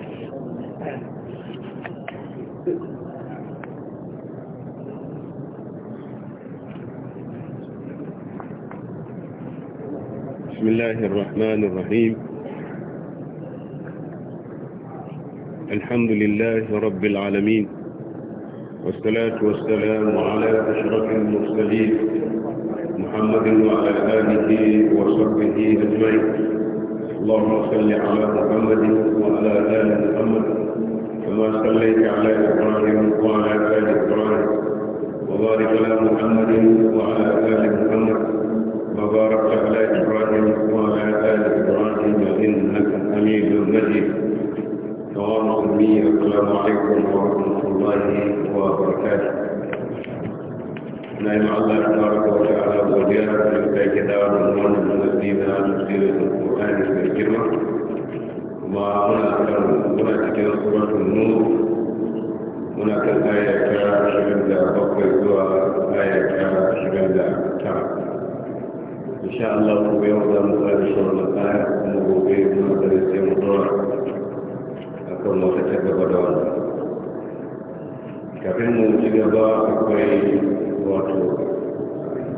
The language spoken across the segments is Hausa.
بسم الله الرحمن الرحيم الحمد لله رب العالمين والصلاة والسلام على أشرف المرسلين محمد وعلى آله وصحبه أجمعين اللهم صل على محمد وعلى آل محمد كما صليت على إبراهيم وعلى آل إبراهيم وبارك على محمد وعلى آل محمد وبارك على إبراهيم وعلى آل إبراهيم إنك حميد مجيد السلام عليكم ورحمة الله وبركاته na yi Allah ta baraka wa ta'ala godiya da sake dawo da wannan nazari na tafsirin Qur'ani mai girma kuma muna kan muna cikin suratul nur muna kan aya ta 27 zuwa aya ta 29 insha Allah ku yau za mu kuma akwai wato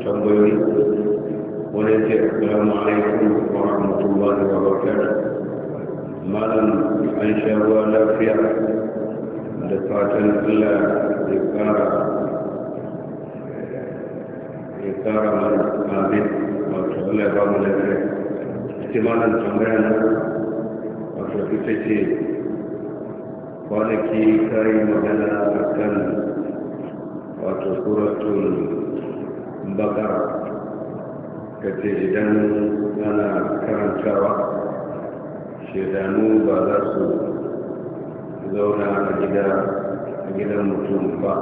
tambayoyi wani ce assalamu alaikum wa rahmatullahi wa barakatuh malam an sha lafiya da fatan allah ya kara ya kara mana amin wato allah ya ba mu lafiya ita malam tambaya na wato ita ce kwanaki ta yi magana a kan wato suratul bakara kace idan ana karantawa shaidanu ba za su zauna a gidan mutum ba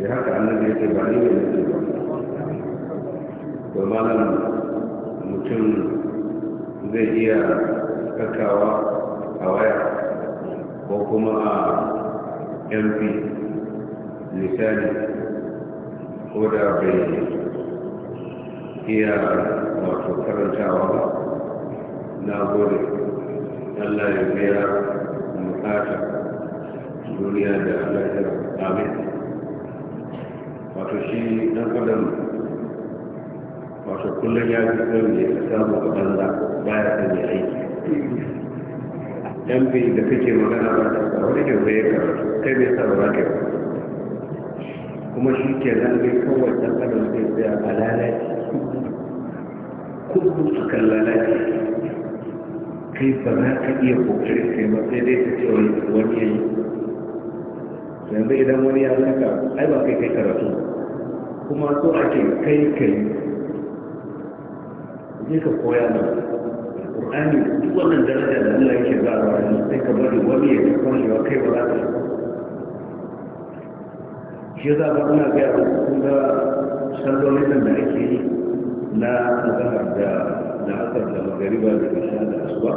ya eh, haka annabi yake ba ni ne nake ba domin mutum zai iya kakawa a waya ko kuma a mp misali ko da bai iya wato karantawa ba na gode allah ya biya bukata duniya da alaƙar amin wato shi ɗan adam wato kullum ya fi son ya samu a banza baya son ya aiki yan bi da kake magana ba da wani kyau zai karatu kai bai sa ba za ka kuma shi ke nan bai kawai ɗan adam zai tsaya a lalaci kudu su kan lalaci kai ba za ka iya kokari kai ba sai dai ta ce wani yayi yanzu idan wani ya zaka ai ba kai kai karatu kuma so ake kai kai je ka koya da Qur'ani duk wannan daraja da Allah yake ba wa sai ka bari wani ya san cewa kai ba za ka shi za ka ana gaya da kun da sallolin da ake yi na azahar da na asar da magariba da isha da asuba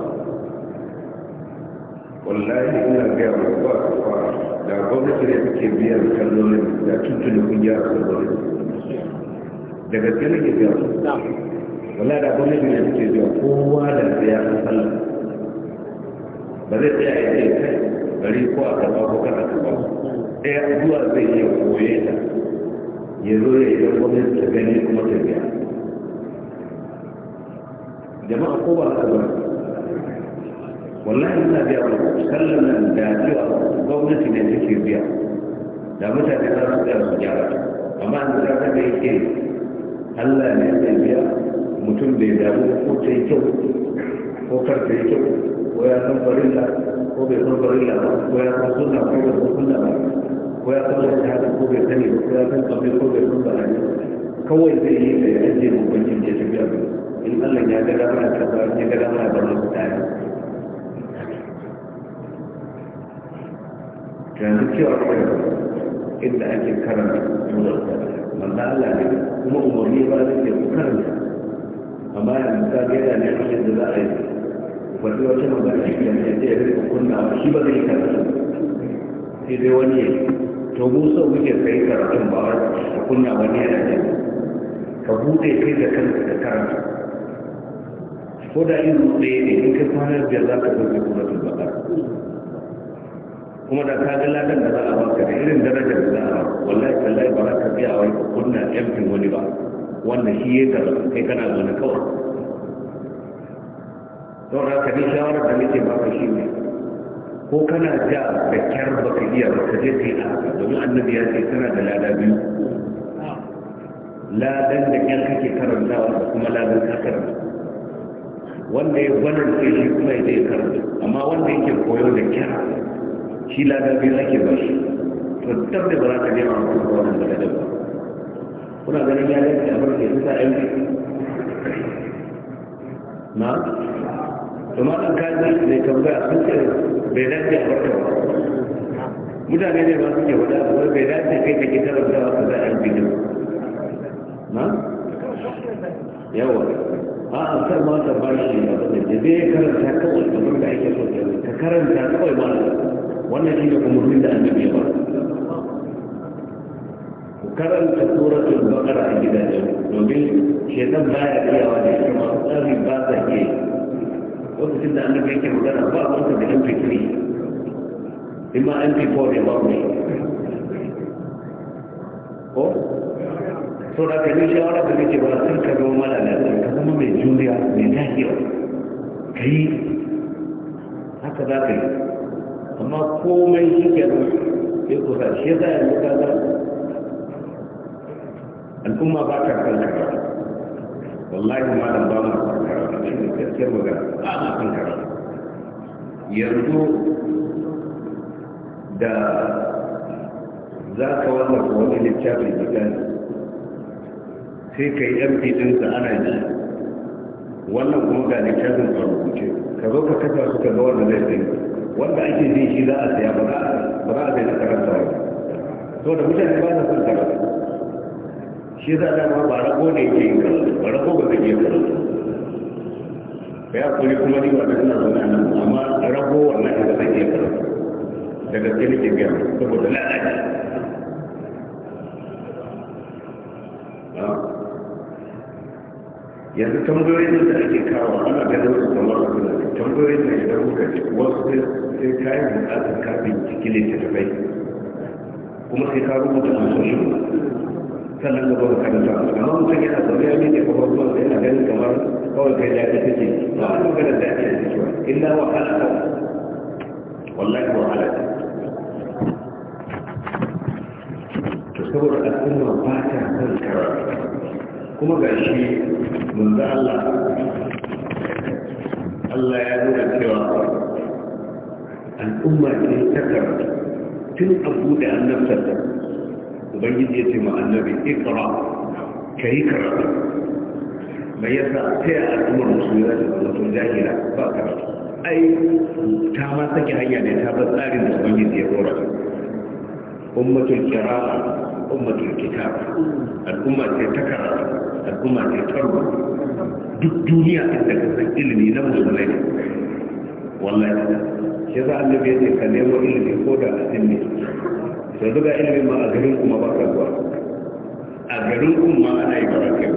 wallahi ina gaya da ba ba da gwamnati ne take biyan sallolin da tuntuni kun a sallolin da gaske nake biya wallahi da gwamnati ne take biya kowa da biya sallar ba zai tsaya ya ce kai gari ko a kama ko kana kama ɗaya zuwa zai yi koye ta ya zo ya yi gwamnati ta gani kuma ta biya jama'a ko ba ta ba wallahi ina biya ba sallan nan da biya gwamnati ne take biya da mutane za su tsaya su gyara amma an zira ta da yake Allah ne zai biya mutum bai damu ko ta yi kyau ko kar ta yi kyau ko ya san farilla ko bai san farilla ba ko ya san sunna ko bai san sunna ba ko ya san shahada ko bai sani ko kawai zai yi da ya ajiye hukuncin ya tafiya in Allah ya ga dama ya tafa ya ga dama ya ake ba da a wani wata magana shi da mai zai rika kunna shi ba zai karatu sai dai wani ya to mu so muke kai karatun ba a kunna wani yana da ka bude kai da kanka da karatu ko da yin bude ne in ka kwana biyar za ka zai kuma tun ba kuma da ka ga ladan da za a baka da irin darajar da za a wallahi tallahi ba za ka biya wani kunna yankin wani ba wannan shi ya karatu kai kana zo kawai don haka ni shawarar da nake baka shi ne ko kana ja da kyar ba ka iya ba ka je ka yi haka domin annabi ya ce tana da lada biyu ladan da kyar kake karantawa da kuma ladan ka karanta wanda ya gwanar sai shi kuma ya zai karanta amma wanda yake koyo da kyar shi lada biyu ake ba shi to tar da ba za ka nema mutum ba wannan da dabba. kuna ganin ya dace a barke ya fi aiki na da malam kaji mai tambaya sun ce bai dace a barka ba mutane ne ba suke wada wai bai dace kai ka ke tarabta ba kaza an bi na yawa a amsar ma ta ba shi da zai karanta kawai abin da ake so ka karanta kawai malam wannan shi ne umarnin da annabi ya ba karanta suratul baqara a gidajen domin shedan baya iyawa da shi masu tsari ba sa iya lokacin da annabi yake magana ba a wanda da mp3 in ma mp4 ne ba ne ko so da ka yi shawara da nake ba sun ka zama mala lafiya ka zama mai juriya mai lafiya ka yi haka za ka yi amma komai shi ke nan ya kusa shi ya sa yanzu ka al'umma ba ta kankan wallahi malam ba mu san karatu da shi gaskiyar magana ba mu san karatu yanzu da za ka wallafa wani littafin gidan sai ka yi mp ɗinsa ana yi. wannan kuma ga littafin a rubuce ka zo ka kasa su ka ga wanda zai tsaye wanda ake ji shi za a saya ba za a zai na karanta ba to da mutane ba na son karatu shi za a ba rago ne ke yin ba ba rago ba zai yi karatu Ba ya kuri kuma ni ba da suna zaune nan amma rago wannan ba zai yi karatu da gaske nake gaya saboda lalaci ah. yanzu tambayoyin da ake kawo ana ganin su kamar su da tambayoyin da idan muka ce wasu sai kayan bukatar kafin cikin littattafai kuma sai ka rubuta amsoshin sannan da kuma karanta amma mutum yana zaune ya miƙe kwakwalwar da yana ganin kamar kawai kai da ta fice ba a magana da ake da cewa illa wa halaka wallahi wa halaka to saboda al'umma ba ta kan karatu kuma ga shi manzo Allah Allah ya nuna cewa al'umma ce ta karatu tun abu da annabtar ubangiji ya ce ma'annabi annabi ikra ka yi karatu mai yasa ta yi al'ummar musulmi za ta zama sun jahila ba karatu ai ta ma sake hanya ne ta bar tsarin da ubangiji ya kora ummatul kirama ummatul kitab al'umma ce ta karatu al'umma ce ta rubutu duk duniya ta ka san ilimi na musulmai wallahi ya za a annabi ya ce ka nemo ilimi ko da asin ne yanzu ga ilimin ma a garin kuma ba ka zuwa a garin kuma ana yi ba kai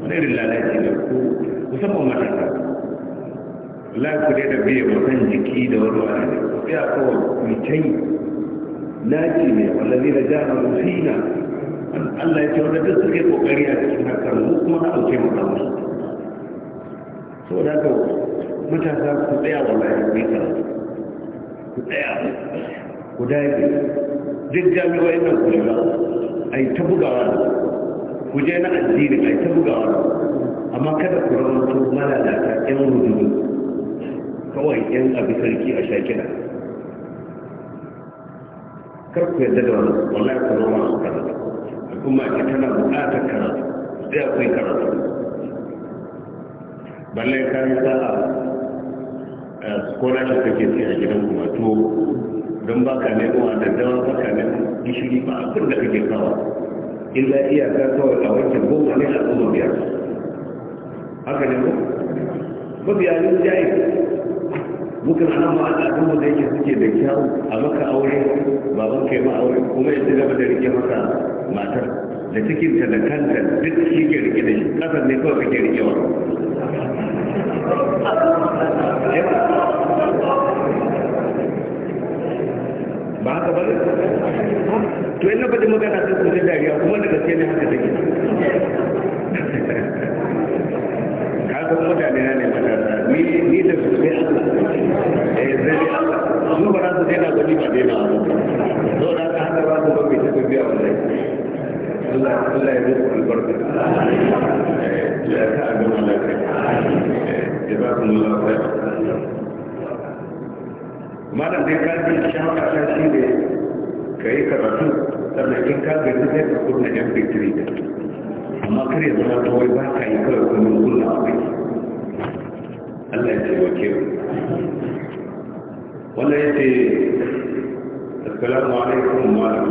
wani irin lalaci ne ko musamman matasa lafi dai da biye mutan jiki da wani wani ne ya kawo mutai naci ne wallazi da jihar musina Allah ya ce wanda duk suke kokari a cikin hakan mu kuma na ɗauke mu su So da ka matasa ku tsaya wallahi ku yi karatu ku tsaya ku dage duk jami'o'in nan ku shiga a yi ta bugawa ku je na addini a yi ta bugawa amma kada ku rawanto malalata yan rududu kawai yan abu sarki a shakina kar ku yarda da wani wallahi ku zama A karatu al'umma ake tana buƙatar karatu sai akwai karatu balle kayan sa'a eh, scholarship kake ci a gidan kuma to don ba ka nemo a daddawa ba ka nemo gishiri ba a kun da kake kawa illa iyaka kawai a wancan goma ne a kuma biyar haka ne ko mabiya ne jayi muka na ma al'adun mu da yake suke da kyau a maka aure baban kai ma aure kuma ya gaba da rike maka matar da cikin ta da kanta duk shi ke rike da shi kasar ne kawai kake rike wa ba haka ba ne to yana faɗi magana sai kuma dariya kuma da gaske ne haka take kaga mutane na ne matasa ni ni da su sai Allah eh sai Allah su ba za su daina ba ba daina ba to da haka haka ba su ba mai ta biya wallahi Allah Allah ya rufe albarka eh, ya ta abin Allah ya malam dai kalbi ji shawara ta shi ne ka yi karatu sannan in kalbi gaji zai ka na yan fitiri da amma kar ya zama ta wai ba ka yi kawai kuma kuna abin Allah ya ce wa ke wanda ya ce assalamu alaikum malam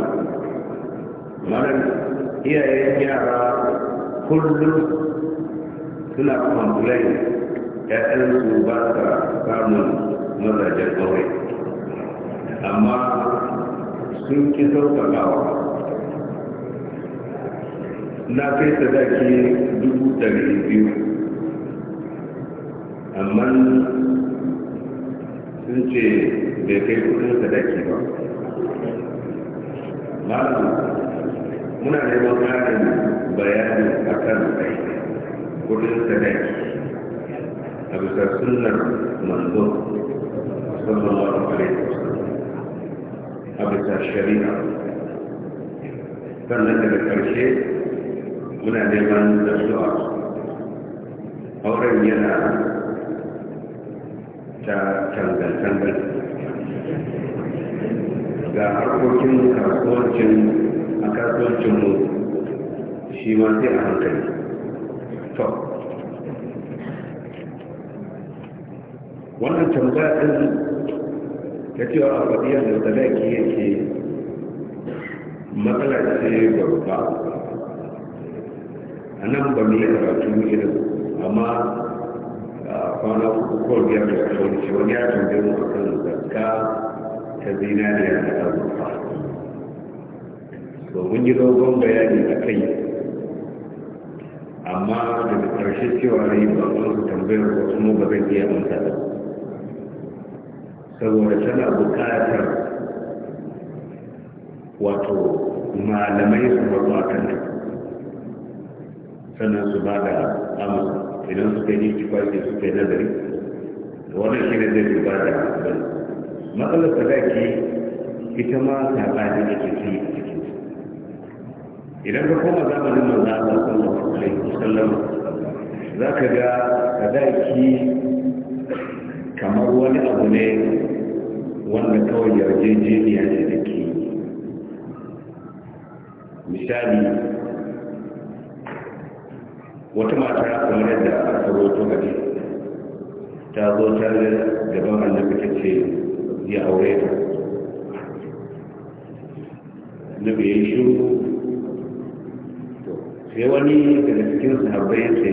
malam iyayen yara kullum suna kwamfulai su ba sa samun mazajen aure amma sun ki sauƙaƙawa na kai sadaki dubu ɗari biyu amma sun ce bai kai kudin sadaki ba malu muna neman ƙarin bayani a kan kudin sadaki a bisa manzon manzo sallallahu alaihi wasallam a bisa shari'a sannan daga ƙarshe muna neman da zuwa auren yana ta tangal-tangal harkokin kasuwancin a kasuwancinmu shi hankali to wannan tambaya na cewa a fadiyar da sadaki yake matsala ce babba a nan ba mai karatu irin amma kwana uku ko biyar da kashe wani ce wani ya tambaye mu kan zarka ta zinariya da azurfa ba mun yi dogon bayani a kai amma da karshe cewa rai ba su tambayar wasu mu ba zai iya amsa da saboda tana buƙatar wato malamai su mazu a kan sannan su ba da amur idan su kai yi tufafi su kai nazari wannan shi ne zai su ba da amur matsalar sadaki ita ma ta ɗaya, da ke ci cikin idan ka koma zamanin manzo da sallallahu alaihi za ka ga sadaki kamar wani abu ne wanda kawai yarjejeniya ne da ke misali wata mata kamar yadda aka roto gaji ta zo ta ban annabi ta ce ya aure ta Na biyar shi shiru sai wani daga cikin sahabbai ya ce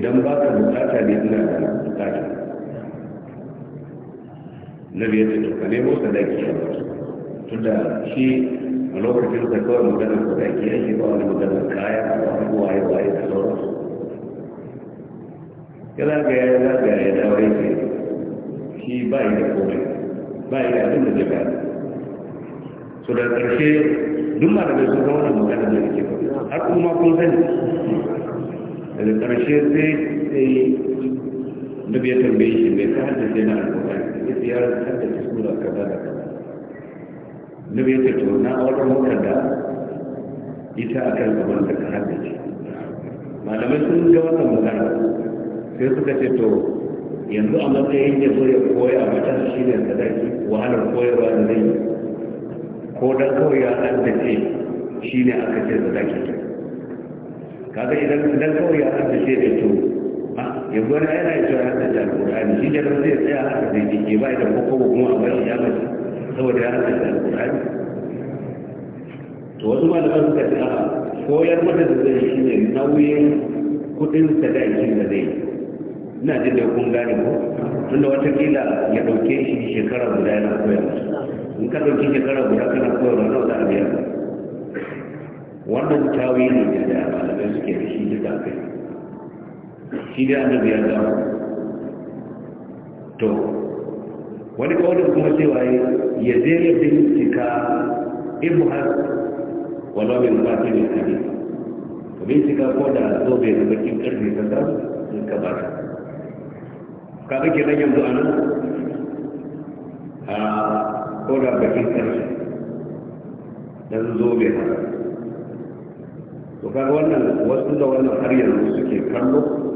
idan ba ka bukata ne ina da bukata nabi ya ce to ka nemo sadaki a tunda shi a lokacin da kawai maganar sadaki ya ke ba wani maganar kaya a wani waye waye da sauransu ya zagaya ya zagaya ya dawo ce shi ba yi da komai ba yi da abin da zai so da ƙarshe duk ma daga sun zama da da ke har kuma kun sani daga ƙarshe sai sai nabi ya tambaye shi mai ka haddace na alƙur'ani ya ce ya haddace sura kaza da kaza nabi ya ce wani na auren maka da ita a kan zaman da ka haddace malamai sun ga wata magana sai suka ce to yanzu a matsayin ya zo ya koya a matan shi ne sadaki wahalar koyarwa da zai ko dan kawai ya haddace shi ne aka ce sadaki kaga idan kawai ya haddace da to ya gwada yana yi cewa haka da alƙur'ani shi jalar zai tsaya haka zai ke ba da kokobo kuma a bashi ya mace saboda ya haka da alƙur'ani to wasu malaman suka ce a koyar mata da zai shi ne nauyin kuɗin sadakin da zai ina jin da kun gane ko tunda watakila ya ɗauke shi shekara guda yana koyar in ka ɗauki shekara guda kana koyar wani wata abiya wannan tawili ne da malamai suke da shi duka kai shi dai annabi da ga to wani kawai kuma cewa ya zai bincika ibu har walau bai ba ta mai ne, ka bincika ko da zo bai da bakin karfe ta ta sun ka ba ta ka ga kenan yanzu a nan a ko da bakin karfe don zo bai haka to kaga wannan wasu da wannan har yanzu suke kallo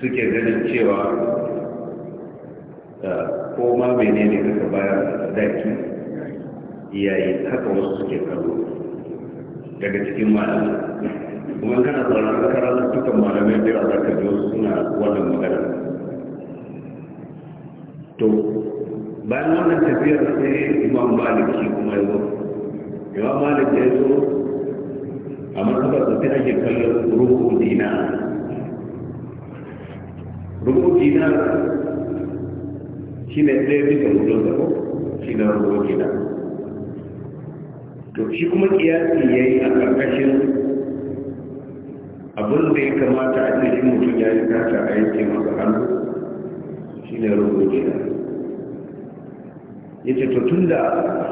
suke ganin cewa eh, ko ma ne kaka bayar daki iyaye haka wasu suke kallo daga cikin malamai kuma kana tsaron karar dukkan malamai bira za ka biyo suna wannan magana to bayan wannan tafiyar sai imam malik shi kuma ya zo imam malik ya zo a kuma da sai ake kallon ruhu dina rukuki na shi ne ɗaya bisa hudun da shi na rukuki na to shi kuma kiyasi ya yi a ƙarƙashin abin da ya kamata a cikin mutum ya yi kata a yanke masa hannu shi ne rukuki na ya ce to tun da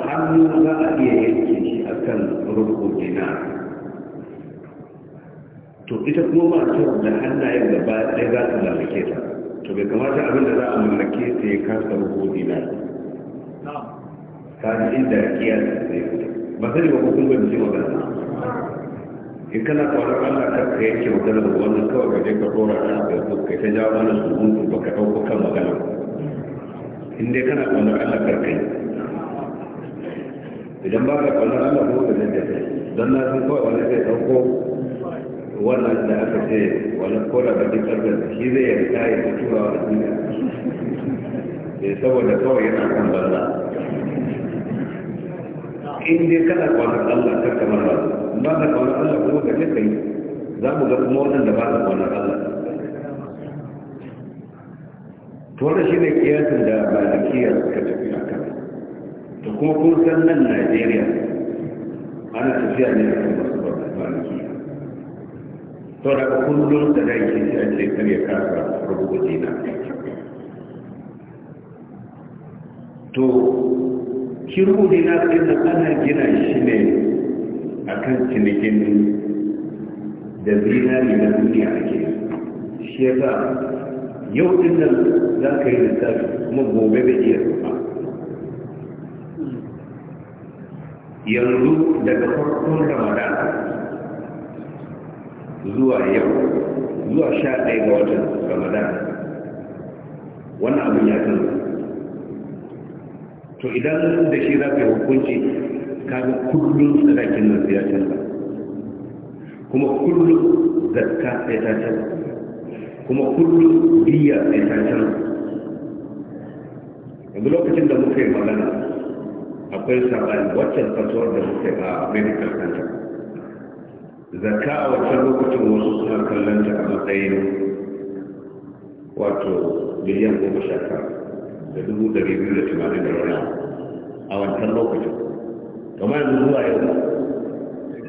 hannu za a iya yanke shi a kan rukuki na to ita kuma ta da hannayen gaba ɗaya za su lalake ta to bai kamata abin da za a mallake ta ya kasa rubo dina ta ji inda kiyasi sai ba sani ba hukun bai ji magana in kana kwanar allah kar ka yanke magana ba wannan kawai ka je ka dora ta da facebook kai ta jawo mana su mutu ba ka ɗauko kan magana in dai kana kwanar allah kar ka yi idan ba ka kwanar allah ko ka zai ta don na san kawai wani zai ɗauko wannan da aka ce wani kola da duk ƙarfin shi zai yarda ya fi turawa a duniya ne saboda kawai yana kan banza in dai kana kwanar Allah kar ka mara ba ka kwanar Allah kuma ka kai za mu ga kuma waɗanda ba ka kwanar Allah to wannan shi ne kiyasin da malikiya suka tafi a kan to kuma kun san nan Najeriya ana tafiya ne a kan to da kullum da dai ke a ce kar ya kasa rubuta dina to shi rubuta dina sai da ana gina shi ne akan cinikin da zinari na duniya ake shi ya sa yau din nan za ka yi lissafi kuma gobe da iya zuwa yanzu daga farkon ramadan zuwa yau zuwa sha ɗaya ga watan ramadan wannan abin ya san to idan da shi za ka yi hukunci kaga kullum sadakin nan ya canza kuma kullum zakka ya ta canza kuma kullum biya ya ta canza yanzu lokacin da muka yi magana akwai saɓani waccan kasuwar da muka yi a medical center Zaka a wancan lokacin wasu suna kallon ta a matsayin wato miliyan goma sha da dubu dari biyu da tumanin da rana a wancan lokacin kama yanzu zuwa yau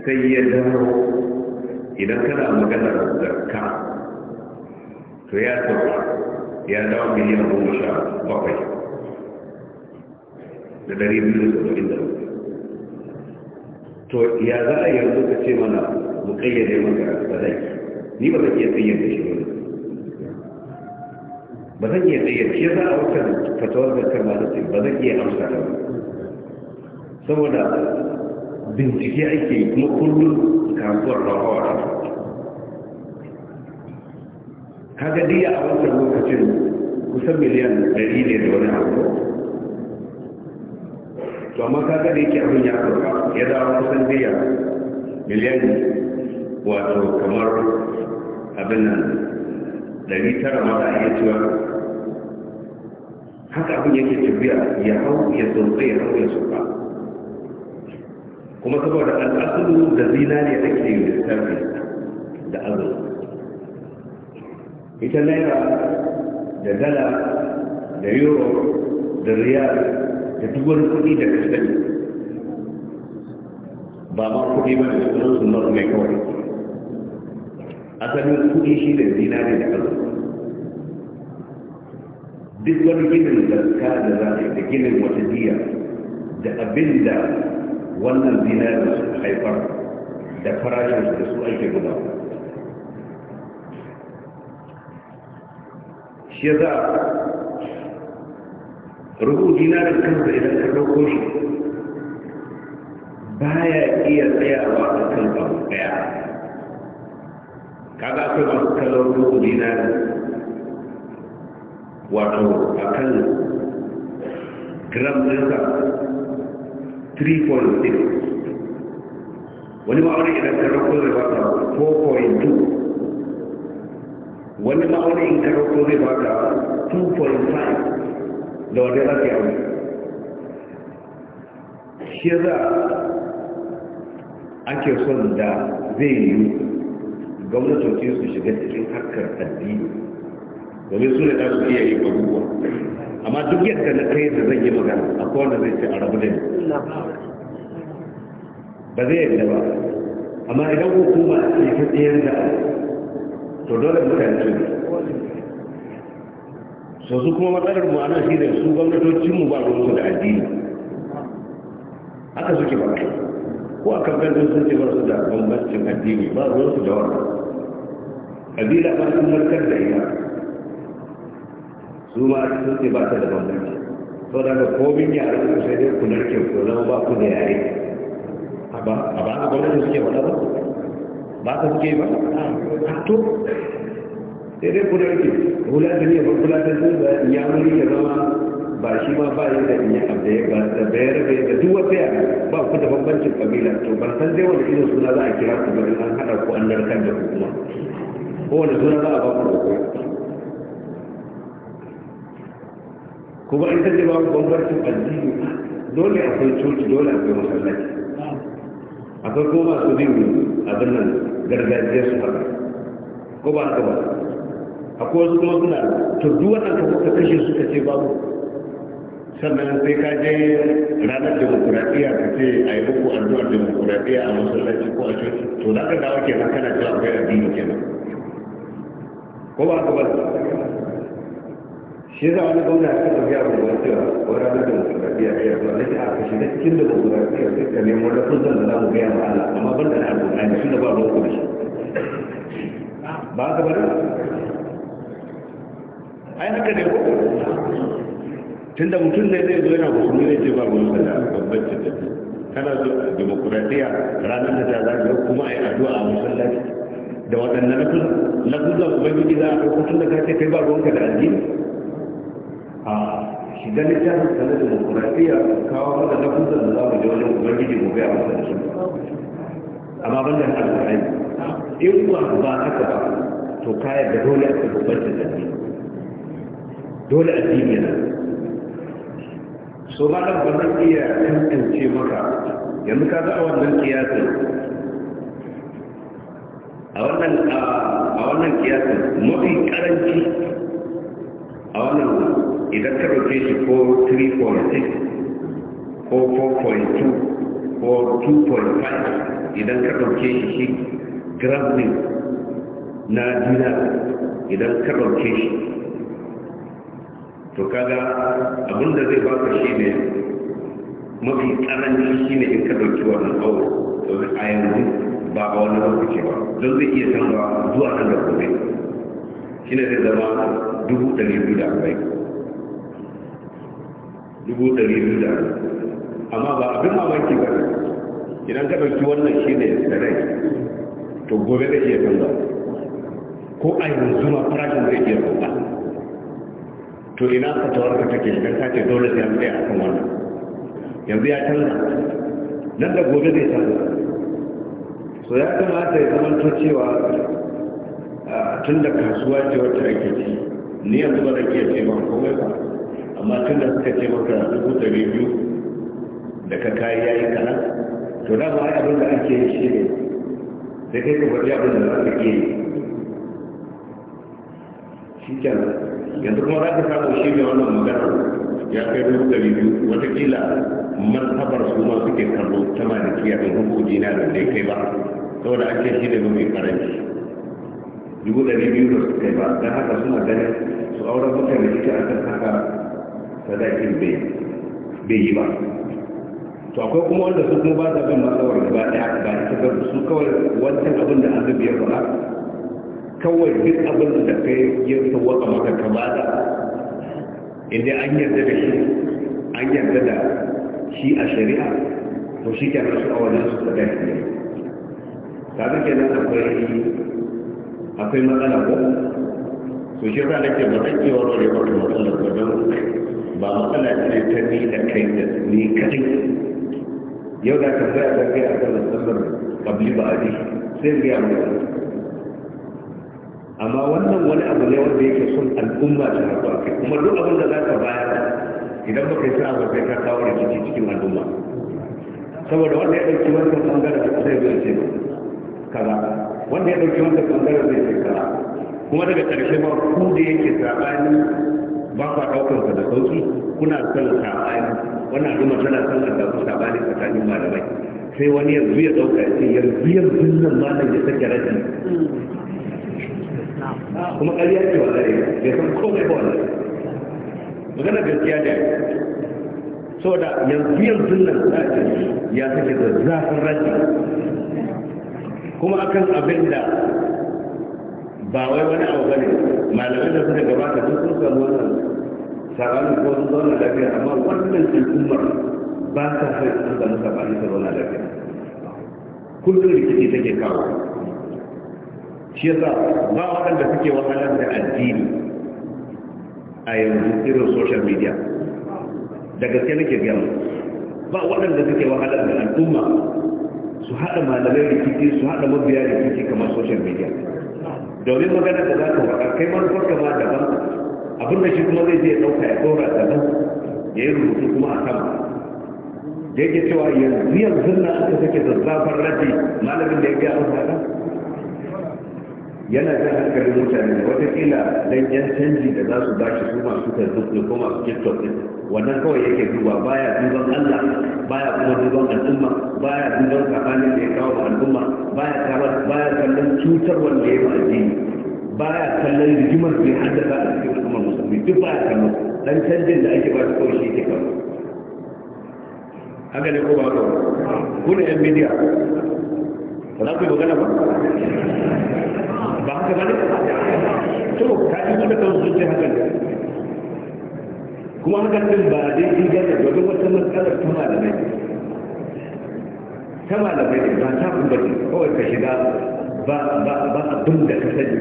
sai ya dawo idan kana maganar zaka. to ya sauka ya dawo miliyan goma sha bakwai da dari biyu da saba'in da to ya za a yanzu ka ce mana su kayyade maka sadaki ni ba zan iya kayyade shi ba ba zan iya kayyade shi yasa a wakar fatawar da ma zai ba zan iya amsa ta ba saboda bincike ake yi kuma kullum kasuwar rahawa ta kaga diya a wancan lokacin kusan miliyan 100 ne da wani abu to amma kaga da yake abin ya karba ya dawo kusan diya miliyan wato kamar abin nan dari tara ma a iya cewa haka abin yake tafiya ya hau ya sauka ya hau ya sauka kuma saboda al'asulu da zinariya ake yi da tafi da azurfa ita naira da dala da euro da riyal da dubar kudi da kashe ba ma kudi ba da su mai kawai asalin kuɗi shi ne zinare da azurfa duk wani ginin zarka da za a yi da ginin wata jiya da abin da wannan zinare su haifar da farashin da su ake guda shi ya za rubu dinarin kansa idan ka ɗauko shi baya iya tsayawa a kan abu ɗaya kaga akwai masu kallon rukuni na wato a kan gram ɗinsa 3.6 wani ma'aunin idan karar ko zai baka 4.2 wani ma'aunin in karar ko zai baka 2.5 da wani ake ka shi shi za ake son da zai yi gwamnatoci su shiga cikin harkar addini domin su ne za su iya yi abubuwa amma duk yadda na kai da zai yi magana a kowane zai ce a rabu da ni ba zai yadda ba amma idan hukuma ce ta tsayar da to dole mutane su ne so su kuma matsalar mu ana shi ne su gwamnatocin mu ba su da addini haka suke ba ko a kan gandun sun ce ba su da bambancin addini ba su da wannan kabila ba sun harkar da ita su ma sun ce ba ta da bambanci sau da ga komin yare su sai dai ku narke ku zama ba ku da yare a ba a ba a gwamnati suke wata ba ba ta suke ba a to sai dai ku narke hula da ne ba kula da su ba ya wuri ya zama ba shi ma ba yi da iya abda ya ba da bayar da ya duk wata yare ba ku da bambancin kabila to ban san zai wani irin suna za a kira ku ba an haɗa ku an narkar da hukuma kowane suna za a ba ku roƙo kuma in ta ce ba ku bambancin addini dole akwai coci dole akwai masallaci akwai kuma masu bin a nan gargajiyar su haka ko ba haka ba akwai wasu kuma suna to duk ka kuka kashe suka ce babu sannan sai ka je ranar demokuraɗiyya ka ce a yi muku addu'ar demokuraɗiyya a masallaci ko a coci to da ka dawo kenan kana cewa akwai addini kenan ko ba ka ba shi za wani gwamna ka tafi a rubutu ko ranar da demokradiyya ya zuwa nake a kashi na cikin da demokradiyya sai ka nemo da kuzan da za mu gaya ma Allah amma ban da na alƙur'ani shi da ba ruwan kuma shi ba ka ba ai haka ne ko tunda mutum ne zai zo yana musulmi ne ce ba ruwan da babban cikin kana zo demokradiyya ranar da ta zagaya kuma a yi addu'a a musallaci da waɗannan lafuzan ubangiji za a ɗauko tun da ka ce kai ba ruwanka da addini a shiga littafin sanar da demokuraɗiyya kawo na kusa da za mu je wajen gidi mu a wasu da su amma ban da alƙur'ani in ba ba haka ba to kayan da dole a kan bubanta da addini dole addini yana so ba da ba zan iya tantance maka yanzu ka ga a wannan kiyasin a wannan a wannan kiyasin mafi karanci a wannan idan ka roke shi ko 3.6 ko 4.2 ko 2.5 idan ka roke shi shi gram na dina idan ka roke shi to kaga abinda zai baka shi ne mafi karanci shi ne in ka roke wannan awo a yanzu ba a wani lokaci ba don zai iya canza zuwa nan da gobe shi ne zai zama dubu ɗari biyu da arba'in dubu ɗari biyu da arba'in amma ba abin mamaki ba idan ka ɗauki wannan shi ne da rai to gobe da iya canza ko a yanzu ma farashin zai iya canza to ina tawar ka take idan ka ce dole sai an tsaya kan wannan yanzu ya canza nan da gobe zai canza so ya kamata ya zama cewa tun da kasuwa ce wata ake ci ni yanzu ba da ke ce ban komai ba amma tun da suka ce maka dubu ɗari biyu da ka kayi yayi kana to da ba abin da ake yi shi ne sai kai ka faɗi abin da za ka iya yi shi yanzu kuma za ka samu shi ne wannan magana ya kai dubu ɗari biyu watakila martabar su ma suke kallo ta maliki a kan hukuki na da kai ba saboda an ce shi daga mai karanci dubu ɗari biyu da su kai ba don haka suna ganin su auren mutane ita a kan haka sadakin bai yi ba to akwai kuma wanda su kuma ba za bin matsawar gaba daya ba su ba su kawai wancan abin da zubi ya faɗa kawai duk abin da kai ya sawaka maka ka ba da inda an yarda da shi an yarda da shi a shari'a to shi kyanar su a wajen su sadaki ne kaga kenan akwai akwai matsala ko to shi yasa nake ba zan iya ba wata matsala ba don ba matsala ce ta ni da kai da ni kadai yau da ka zai a kai a kan musamman kabli ba ji sai ga yamu amma wannan wani abu ne wanda yake son al'umma ta haɗu kai kuma duk abin da za ka bayar idan ba kai sa'a ba sai ka kawo rikici cikin al'umma saboda wanda ya ɗauki wannan ɓangaren sai zai ce ba kaza wanda ya ɗauki masa ɓangaren zai ce kaza kuma daga ƙarshe ba ku da yake saɓani ba kwa ɗaukansa da sauki kuna son saɓani wannan al'umma tana son a samu saɓani tsakanin malamai sai wani yanzu ya ɗauka ya ce yanzu yanzu nan malam ya sake rashi kuma ƙarya ce wa zare ya san komai ba wannan magana gaskiya ne saboda yanzu yanzu nan za ya sake da zafin rashi kuma akan abin da ba wai wani abu bane malamai da suka gabata sun sun samu wannan sabanin ko sun zauna lafiya amma wannan al'ummar ba sa sai sun samu sabanin ta zauna lafiya kullum rikici take kawo shi yasa ba waɗanda suke wahalar da addini a yanzu irin social media da gaske nake gama ba waɗanda suke wahalar da al'umma su haɗa malamai rikici su haɗa mabiya rikici kamar social media domin magana da za ka waka kai manufar ka daban abin da shi kuma zai je ɗauka ya ɗora daban ya yi rubutu kuma a sama da yake cewa yanzu yanzu na aka sake zazzafar rabi malamin da ya gaya an haka yana jan hankalin mutane watakila don yan canji da za su bashi su masu facebook ne kuma masu tiktok ne wannan kawai yake duba baya duban allah baya kuma duban al'umma baya duban kafanin da ya kawo wa al'umma baya baya kallon cutar wanda ya yi addini baya kallon rigimar ya haddasa a cikin al'ummar musulmi duk baya kallon dan canjin da ake ba su kawai shi ke kawo haka ne ko ba ka kuna yan bidiya ba za ku yi magana ba ba haka ba ne to ka yi kika kan zuciya hakan kuma hakan din ba dai inganta domin wata matsalar ta malamai ta malamai ne ba ta kun kumbace kawai ka shiga ba abin da ka sani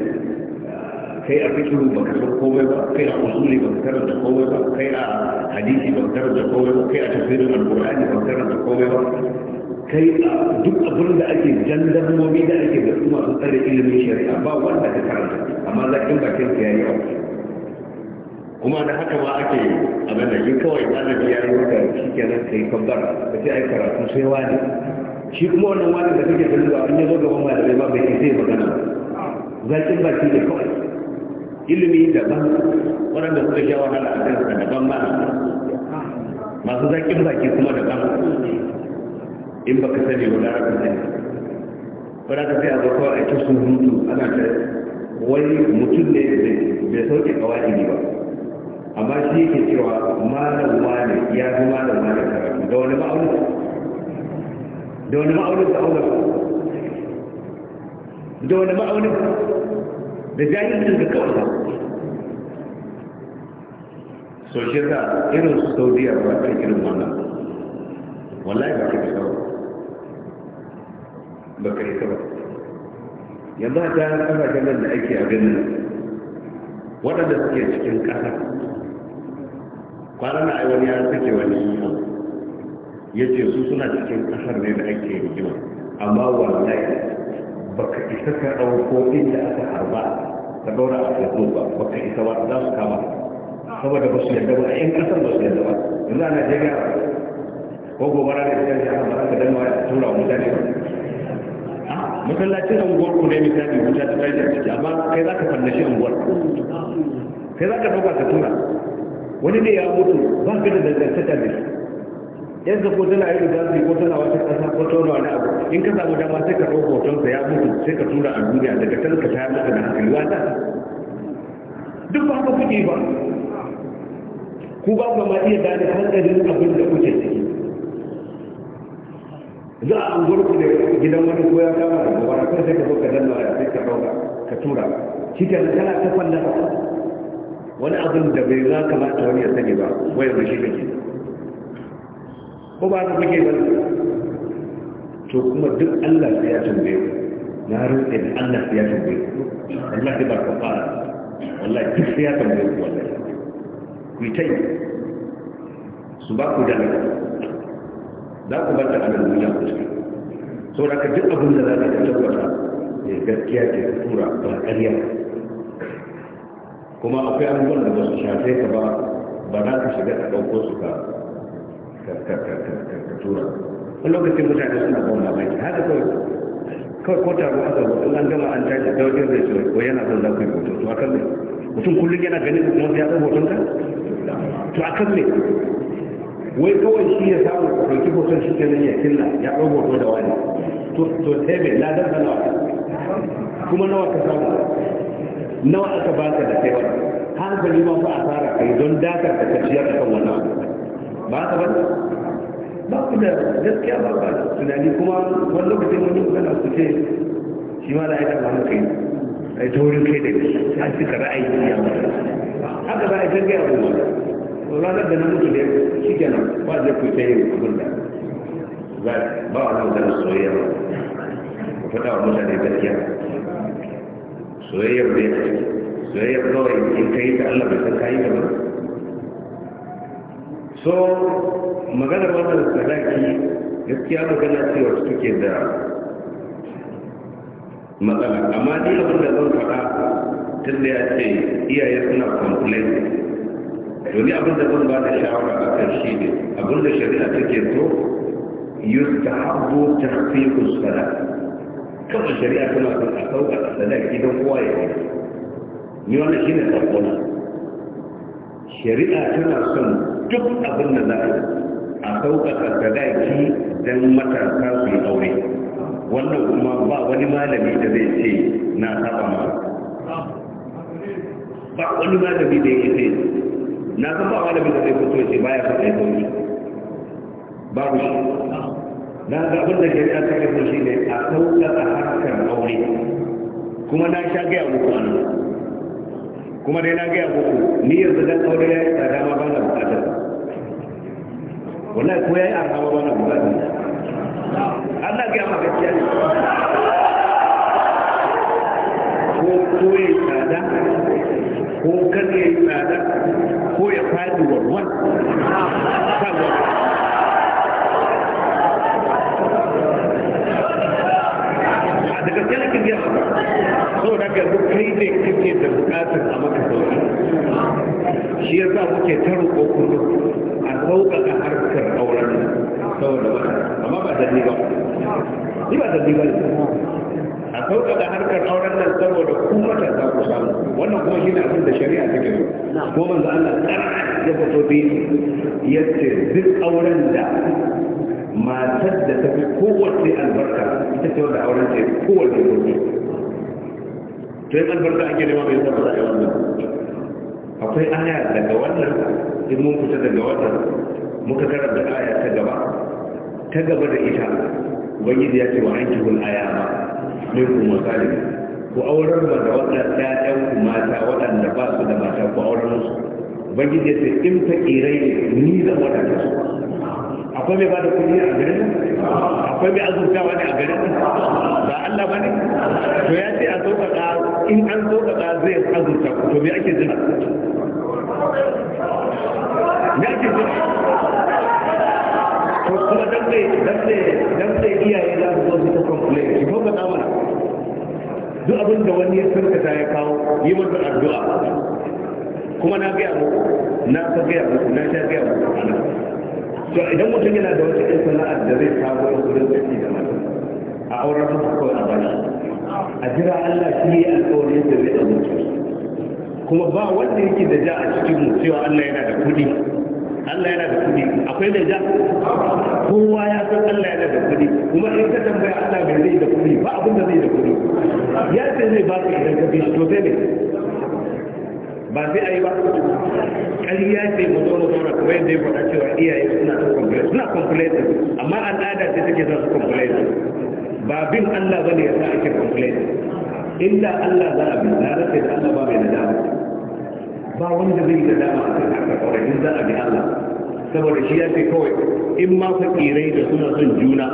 kai a fikiru ba ka san komai ba kai a usuli ba ka karanta komai ba kai a hadisi ba ka karanta komai ba kai a tafsirin alqur'ani ba ka karanta komai ba kai duk abin da ake jandarmomi da ake da kuma su tsare ilimin shari'a ba wanda ka karanta amma zaƙin bakin ka yayi abu kuma da haka ba ake a da shi kawai ɗalibi ya yi wata shi kenan kai kabbar ba sai ai karatu sai wani shi kuma wannan wani da kake ganin ba an yi zo wani malamai ma bai zai magana ba baki ne kawai ilimi daban waɗanda suka sha wahala a kansa daban ba masu zaƙin baki kuma daban in ba ka sani ba da ya ba da sai a zafi a ake sun hutu ana ta wani mutum ne bai sauke ne ba amma shi yake cewa malam wani ya fi malam wani karatu da wani ma'aunin da wani ma'aunin da auna da wani ma'aunin da jahilcin da kawai so shi irin su saudiya ba ta irin wannan wallahi ba ka fi kawai baka yi isa ba yanzu a jihar ƙasashen nan da ake a ganin waɗanda suke cikin ƙasa kwanan ai wani ya sake wani ya ce su suna cikin ƙasar ne da ake rigima amma wallahi baka isa ka ɗauko inda aka harba ka ɗora a facebook ba baka isa ba za su kama saboda ba su yadda ba a ƙasar ba su yadda ba yanzu ana jega ko gobara da ita jihar ba za ka dama tura mutane ba masallacin unguwar ku ne misali wuta ta kai da ciki amma kai za ka fallashi unguwar kai za ka ɗauka ka tura wani ne ya mutu ba ka da dangantaka da shi yan zafo tana yi da zafi ko tana wata ƙasa ko tona wani abu in ka samu dama sai ka ɗauka hotonsa ya mutu sai ka tura a duniya daga can ka tayar maka da hankali wata duk ba ka kuke ba ku ba ku ma iya gane hankalin abin da kuke ciki za a unguwar ku da gidan wani ko ya kama da gobara kan sai ka zo ka danna ya sai ka dauka ka tura shi ke kana ta fallasa wani abin da bai za ka mata wani ya sani ba wayar da shi kake ko ba ta kake ba to kuma duk Allah sai ya tambaye ku na rufe da Allah sai ya tambaye ku wallahi ba ka fara wallahi duk sai ya tambaye ku wallahi ku yi tai su ba ku dalilin za ku bar da anan duniya ku ce so da ka duk abin da za ka ta tabbata ne eh, gaskiya ke tura ba ƙarya kuma akwai abubuwan da ba su shafe ka ba ba za ka shiga ta ɗauko su ka tura wani lokacin mutane suna ba wani baki haka kawai kawai ko taro aka zo in an gama an tashi ta da zai soya ko yana son za ku yi hoto to a kan ne mutum kullum yana ganin mutum ya ɗau hoton ka to a kan ne wai kawai shi ya samu ɗauki hoton shi kenan ya killa ya ɗau hoto da wani to to tebe ladan ka nawa kuma nawa ka samu nawa aka baka da kai wani hankali ma fa asara kai don dakar da kaciyar da kan wannan ba ka ba ba ku da gaskiya ba ba tunani kuma wani lokacin wani magana su ce shi ma da aika ba mu kai ai ta wurin kai da shi a cika ra'ayi ya mutu haka ba a jirgin abubuwa ranar da na mutu da shi kenan ba zai ku ta yin abin da ba wa nan zan soyayya ba faɗa wa mutane gaskiya soyayyar da ya ce soyayyar kawai in ka yi ta Allah bai san ka yi ta ba so magana wannan sadaki gaskiya magana cewa suke da matsala amma ni abin da zan faɗa tun da ya ce iyaye suna complain domin abin da zan ba da shawara a kan shi ne abin da shari'a take so ta fi salat kawai shari'a tana son a sauka a sadaki don kowa ya yi ni shi ne sakona shari'a tana son duk abin da za a sauka a sadaki don matasa su yi aure wannan kuma ba wani malami da zai ce na saba ma ba wani malami da ya ce na san ba malamin da zai fito ce baya sa ai sauri babu shi na ga abin da shari'a ta kafin shi ne a sauka a harkar aure kuma na sha gaya muku a nan kuma dai na gaya muku ni yanzu dan aure ya yi tsada ma ba na buƙatar wallahi ko ya yi arha ma ba bukata Allah gaya ma gaskiya ne ko ko ya yi tsada ko kar ya yi tsada ko ya faɗi warwar da gaske na kin gina sau da ga duk kai ne kake da bukatun a maka sauki shi ya sa muke ta roƙo kullum a sauƙa sauƙaƙa harkar auren saboda ba amma ba da ni ba ni ba da ni ba ne a sauƙaƙa harkar auren nan saboda kuma ta za ku samu wannan kuma shi ne abin da shari'a ta ke ko za Allah ƙar ya fito bi ce duk auren da matar da ta fi kowace albarka ita ce wanda auren ta kowace gobe to yin albarka ake nema mai yasa ba za a yi wannan akwai aya daga wannan in mun fita daga wannan muka karanta aya ta gaba ta gaba da ita ubangiji ya ce wa an kihul ayama min kuma salim ku auren ba da waɗanda ƴaƴan ku mata waɗanda ba su da mata ku auren musu ubangiji ya ce in ta kirai ni da waɗanda su akwai mai bada kuɗi a garin akwai mai azurtawa ne a garin ba Allah ba ne to ya ce a sauƙaƙa in an sauƙaƙa zai azurta ku to me ake jira me ake jira kuma dan ne dan iyaye za su zo su ta complain ki kuma da mana duk abin da wani ya sarkata ya kawo yi masa addu'a kuma na gaya muku na ta gaya muku na sha gaya muku to idan mutum yana da wata irin sana'ar da zai kawo wani kudin ciki da mata a auren su kawai a bani a jira Allah shi ya alƙawarin da zai amince kuma ba wanda yake da ja a cikin mu cewa Allah yana da kuɗi Allah yana da kudi akwai mai ja kowa ya san Allah yana da kudi kuma in ka tambaya Allah mai zai da kudi ba abin da zai da kudi ya ce zai ba ka idan ka bi shi to sai ne ba sai a yi ba ya ce mu zo zauna kuma yadda ya faɗa cewa iyaye suna ta complain suna complain amma al'ada ce take za su complain ba bin Allah bane ya sa ake complain inda Allah za a bi na race da Allah ba mai dama ba da zai da dama a kan haka kawai in za a bi Allah saboda shi ya ce kawai in ma fakirai da suna son juna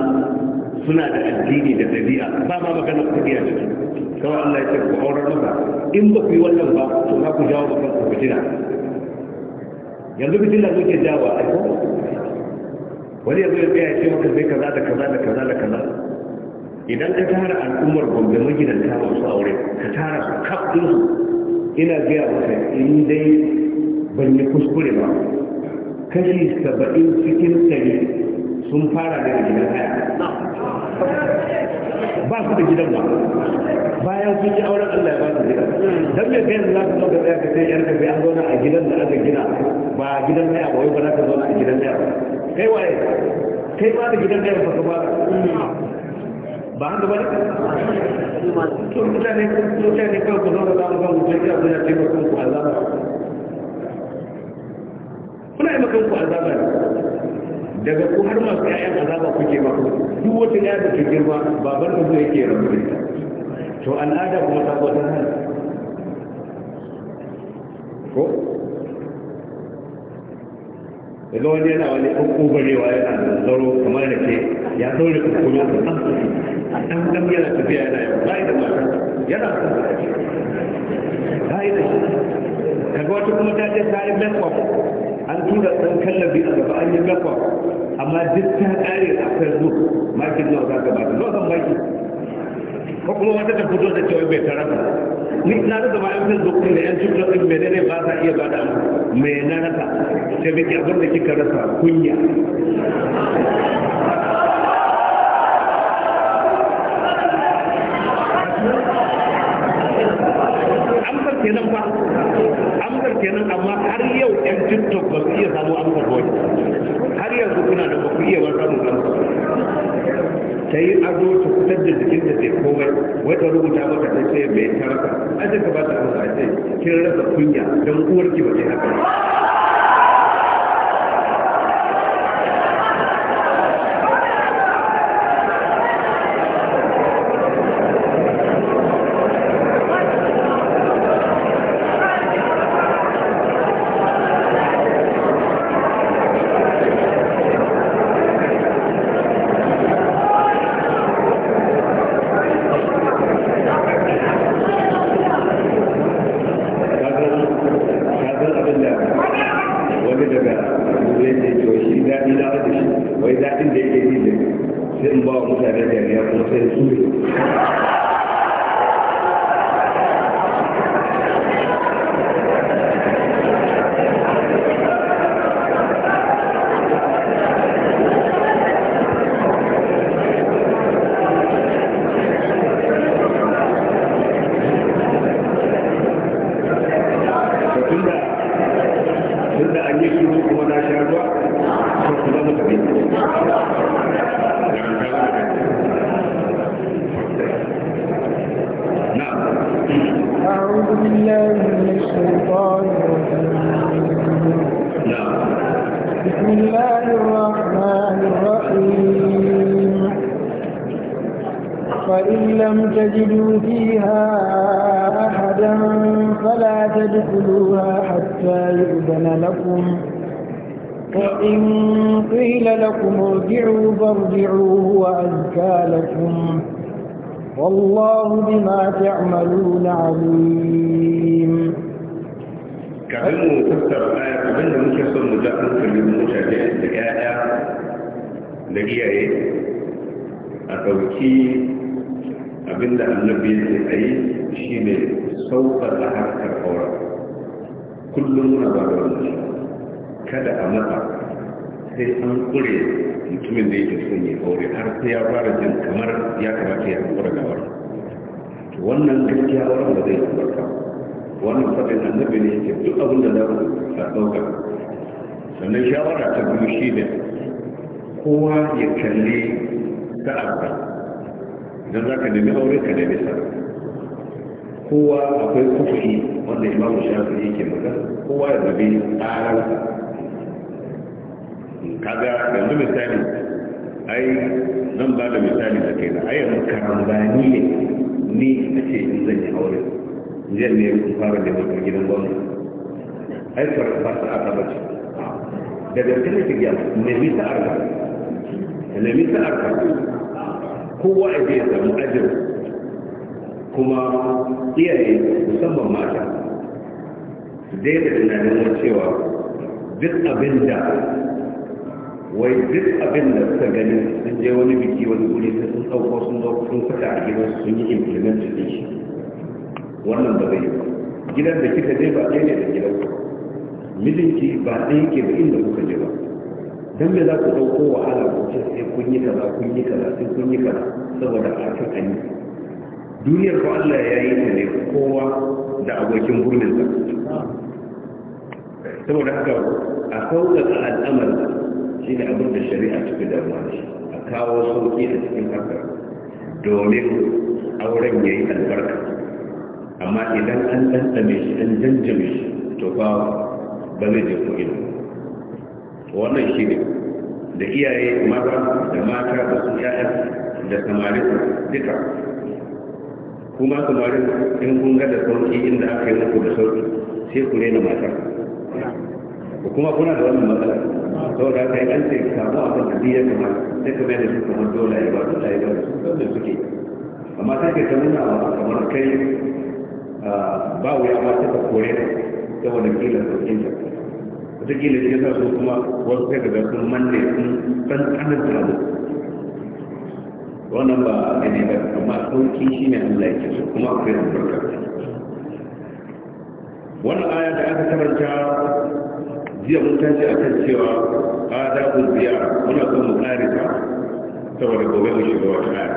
suna da addini da dabi'a ba ma magana kuɗi a ciki kawai Allah ya ce ku aurar maka, in ba ku yi wannan ba to za ku jawo ba kanku fitina yanzu fitina ke jawo a ko wani yanzu ya tsaya ce maka sai kaza da kaza da kaza da kaza idan ka tara al'ummar gombe magidanta masu aure ka tara su kaf ɗinsu ina gaya maka in dai ban yi kuskure ba kashi saba'in cikin ɗari sun fara daga gidan haya ba su da gidan ba bayan sun ji auren Allah ya ba su gidan don me bayan za ka maka tsaya ka sai yarka sai an zauna a gidan da aka gina ba gidan haya ba wai ba za ka zauna a gidan haya ba kai waye kai ma da gidan haya ba ka ba ba haka ba ne to mutane mutane kawai ku zauna za mu ga mutum ya zo ya ce ba azaba kuna yi makan ku azaba ne daga ku har masu ƴaƴan azaba kuke ba duk wata ƴaƴa da ke girma baban da zai yake rabu da to al'ada kuma ta gwada ko daga wani yana wani barewa yana da zaro kamar da ke ya saurin kokoro a kan ɗan yana tafiya yana yau ba da mata yana bai da shi daga wata kuma ta ce ta yi mekwa an tura kallon biyu a gaba an yi mekwa amma duk ta kare a zuwa makin zuwa ta ka ba ta zo baki ko kuma wata ta fito da cewa bai tara ba ni na rasa ma yan facebook da yan tiktok din me ne ne ba za iya ba da me na rasa sai bai abin da kika rasa kunya amsar kenan fa amsar kenan amma har yau yan tiktok ba su iya samu amsar ba har yanzu kuna da ba ku iya wata mu amsar ta yi ado ta fitar da jikin da ke komai wata rubuta maka ta ce mai tarka an ka ba ta amsa ce kin rasa kunya don uwarki ba ce haka نعم. أعوذ بالله من الشيطان الرجيم نعم. بسم الله الرحمن الرحيم فإن لم تجدوا فيها أحدا فلا تدخلوها حتى يؤذن لكم وإن قيل لكم ارجعوا فارجعوا هو أزكى لكم والله بما تعملون عليم كعلم تفسر آية قبل أن يكسر مجاهد في المشاهدين لآية لقيا a ɗauki abinda annabi ya ce a yi shi ne sauƙaƙa harkar auren kullum muna ba da wani kada a mata sai an kure mutumin da yake son yi aure har sai ya fara jin kamar ya kamata ya kura da wani wannan gaskiya wani ba zai kubarka wannan faɗin annabi ne yake duk abin da za ku ɗauka sannan shawara ta biyu shi ne kowa ya kalli sa'arsa idan za ka nemi aure ka nemi sa'arsa kowa akwai kufi wanda imamu shafi yake maka kowa ya zabi tsarar kaga yanzu misali ai nan ba da misali da kai na ai yanzu karambani ne ni a ce in zan yi aure zai ne kun fara da mutum gidan gwamna ai farfasa a ba ce da gaske ne ta gyara nemi ta arka nemi ta arka kowa ya je ya ajiyar kuma iyaye musamman mata su daina tunanin cewa duk abin da wai duk abin da suka gani sun je wani biki wani wuri sai sun ɗauko sun zo sun saka a gidan sun yi implement da shi wannan ba zai yi ba gidan da kika je ba ɗaya ne da gidan ku mijinki ba ɗaya ke ba inda kuka je ba don me za ku ɗauko wahala ko ce sai kun yi kaza kun yi kaza sai kun yi kaza saboda a kan an yi duniyar ko Allah ya yi ta ne kowa da abokin burninsa saboda haka a da al'amar shi ne abin da shari'a cikin damuwa shi a kawo sauƙi a cikin haka domin auren ya yi albarka amma idan an ɗanɗame shi an janjame shi to ba ba zai je ko'ina wannan shi ne da iyaye mata da mata da su ya'ya da samari duka kuma samarin in kun ga da sauki inda aka yi muku da sauki sai ku rena matar kuma kuna da wannan matsala saboda haka yi an ce samu a kan biya kamar sai ka mai da su kamar dole ya ba su da ya ba su suke amma sai ka ta nuna wa kamar kai ba wuya ma ta ka kore ta saboda kila saukin ta wata kila ke sa su kuma wasu kai daga sun manne sun san tsananta abu wannan ba a ne ba amma sauki shi ne Allah ya so kuma akwai albarka wannan aya da aka karanta jiya mun tashi akan cewa adabu ziyara muna son mu karisa saboda gobe mu shiga wata aya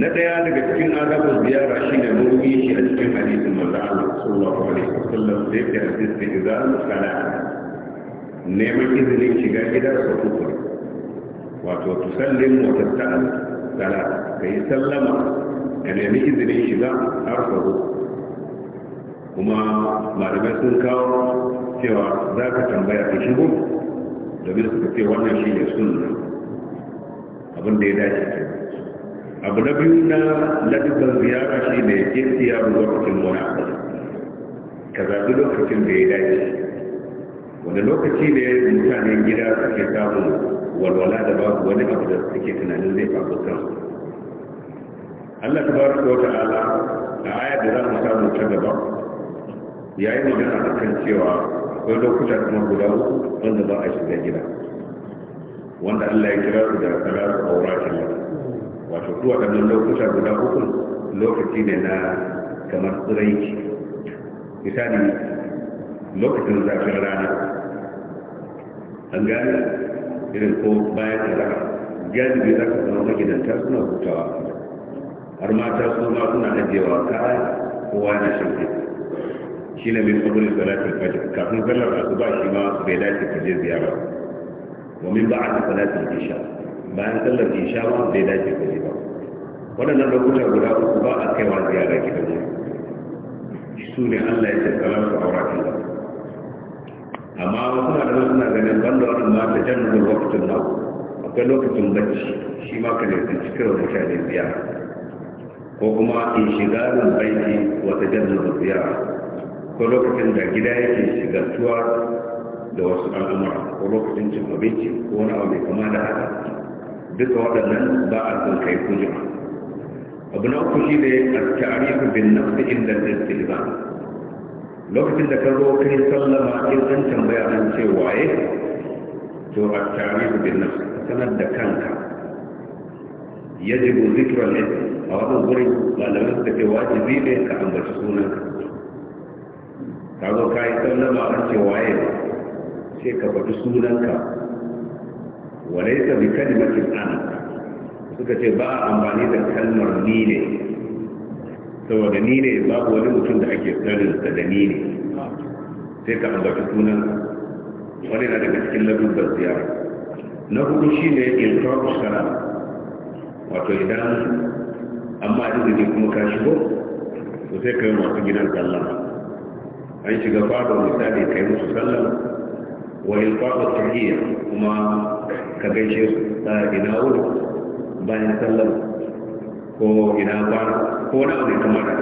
na daya daga cikin adabin ziyara shi ne mun yi shi a cikin hadisin manzo Allah sallallahu alaihi wasallam da yake da zan kana neman izinin shiga gida sau uku wato tusallin wa tatta'al sala ka yi sallama da nemi izinin shiga har faru kuma malamai sun kawo cewa za ka tambaya ka shigo domin suka ce wannan shi ne sunna abin da ya dace ce abu na biyu na ladibin ziyara shi ne ya ke siya lokacin wani abu ka zaɓi lokacin da ya dace Wani lokaci da ya mutanen gida suke samun walwala da babu wani abu da suke tunanin zai faru kansu Allah ta baraka wa ta'ala a aya da za mu samu ta gaba ya yi magana a kan cewa akwai lokuta kuma guda uku wanda ba a shiga gida wanda Allah ya kira su da salatu auratin wato kuwa ɗannan lokuta guda uku lokaci ne na kamar tsiraici misali lokacin zafin rana an gani, irin ko bayan da zaka galibi zaka samu magidanta suna hutawa har mata su ma suna ajiyewa kaya kowa na shan kai shi ne min kabul salatin fajr kafin sallar asuba shi ma bai dace ka je ziyara ba min ta salatin isha bayan sallar isha ma bai dace ka je ba waɗannan lokuta guda uku ba a kaiwa ziyara gidan su ne Allah ya ce salatu auratin amma wasu na da suna ganin banda wani ma ta jan da lokacin nan akwai lokacin bacci shi ma ka laifin cikin wa mutane ziyara ko kuma in shiga da aiki wata jan da biya ko lokacin da gida yake shigantuwa da wasu al'amura ko lokacin cin abinci ko wani abu mai kama da haka duka waɗannan ba a son kai kujima abu na uku shi ne a tarihi bin nafsi inda zai lokacin da ka zo kai sallama in an tambaya an ce waye to a tare da bin sanar da kanka yajibu zikran a wannan gurin malamin da ke waje zibe ka ambaci sunanka ka zo ka yi sallama an ce waye sai ka faɗi sunanka walaisa bi kalimatin ana suka ce ba a amfani da kalmar ni ne saboda ni ne babu wani mutum da ake sa da ni ne sai ka ambaci sunan wani na daga cikin ladubbar ziyara na hudu shi ne ilkar shara wato idan amma izini kuma ka shigo to sai ka yi masu gidan sallah an shiga fada misali ka yi musu sallah wa ilkar tahiyya kuma ka gaishe su ina wuri bayan sallah ko ina kwana ko wani abu mai kama da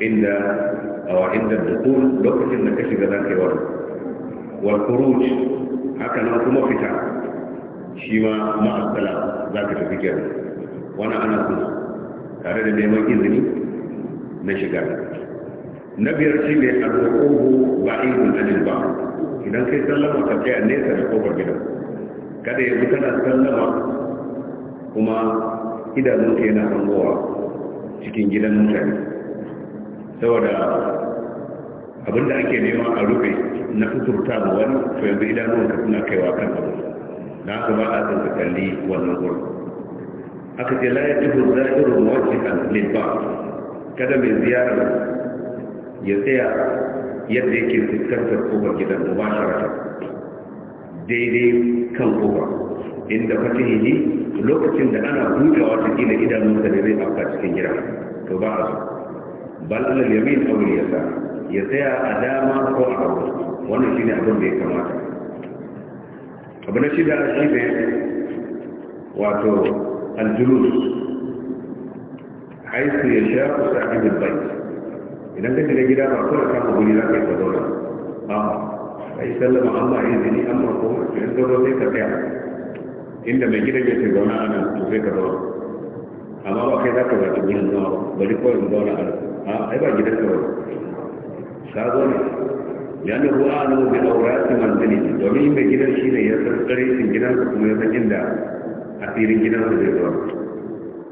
inda a inda dukkan lokacin da ka shiga za ka yi wani wal khuruj haka nan kuma fita shi ma ma'asala za ka tafi kyau. wani ana kuma tare da neman izini na shiga na biyar shi ne alwuquhu ba'idun anil ba idan kai sallama ka tsaya nesa da kofar gidan kada yanzu kana sallama kuma ke yana hangowa cikin gidan mutane saboda abinda ake nema a rufe na kusurta ma wani to yanzu idanunka suna kaiwa kan abu na haka ba a san ka kalli wannan gurin aka ce la ya ci hurza irin wajikan lilba kada mai ziyarar ya tsaya yadda yake fuskantar kofar gidan mubasharata daidai kan kofa inda fatihi lokacin da ana buɗewa ta gina idanunsa da zai afka cikin jira. to ba a so bal alal yamin ya sa. ya tsaya a dama ko a hagu wannan ne abin da ya kamata abu na shida shi ne wato aljulus haisu ya sha ku sa'ibul bai. idan ka shiga gida ba kawai kama guri za ka yi ka zauna a yi sallama amma izini amma ko a cikin zo sai ka tsaya inda mai gidan yake zaune a nan to ka zauna amma ba kai za ka zaɓi wurin ba bari kawai in zauna a nan a ai ba gidan ka zauna ka zauna ne ruwa a nan bin aurati manzili domin mai gidan shi ne ya san gidan gidansa kuma ya san inda a gidan gidansa zai zauna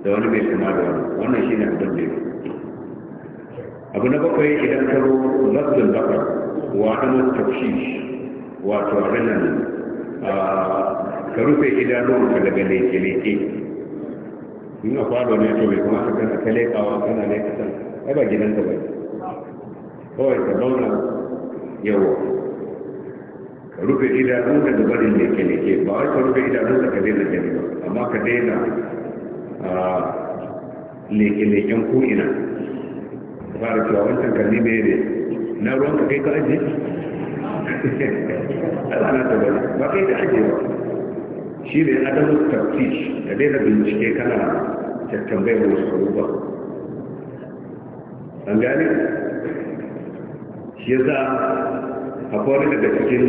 da wani mai kama da wani wannan shi ne a da ya abu na bakwai idan ka zo lafzin bakar wa ana tafshish wato abinan ka rufe idanunka daga leke-leke in a falo ne to bai kamata kana ta lekawa kana leka can ai ba gidanka ba kawai ka zauna yawa ka rufe idanun da barin leke-leke ba wai ka rufe idanun ka daina gani ba amma ka daina leke-leken ko'ina fara cewa wancan kalli ne ne na ruwan ka kai ka ajiye ba kai da ajiye ba shi ne adamu taftish da daina bincike kana tattambayar wasu abubuwa an gani shi za a wani daga cikin